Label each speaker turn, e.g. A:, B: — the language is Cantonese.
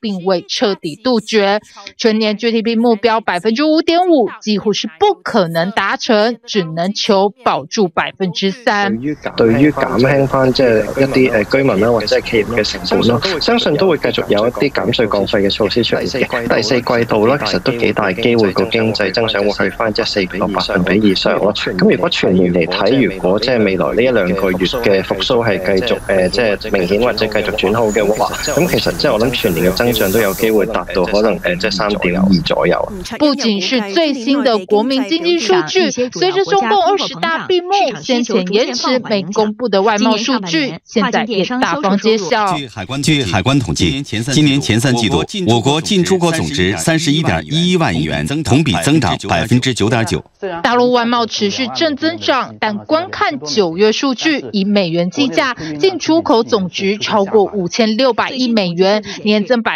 A: 並未徹底杜絕，全年 GDP 目標百分之五點五幾乎是不可能達成，只能求保住百分之三。
B: 對於減輕翻即係一啲誒居民啦或者係企業嘅成本咯，相信都會繼續有一啲減稅降費嘅措施出嚟嘅。第四季度啦，其實都幾大機會個經濟增長會翻即係四個百分比以上咯。咁如果全年嚟睇，如果即係未來呢一兩個月嘅復蘇係繼續誒即係明顯或者繼續轉好嘅話，咁其實即係我諗全年嘅通常都有機會達到可能誒，即三點二左右。
A: 不僅是最新的國民經濟數據，隨着中共二十大閉幕，先前延遲未公布的外貿數據，現在也大方揭曉。
C: 據海關統計，今年前三季度，我國進出口總值三十一點
D: 一萬億元，同比增長
C: 百分之九點九。
A: 大陸外貿持續正增長，但觀看九月數據，以美元計價，進出口總值超過五千六百億美元，年增百。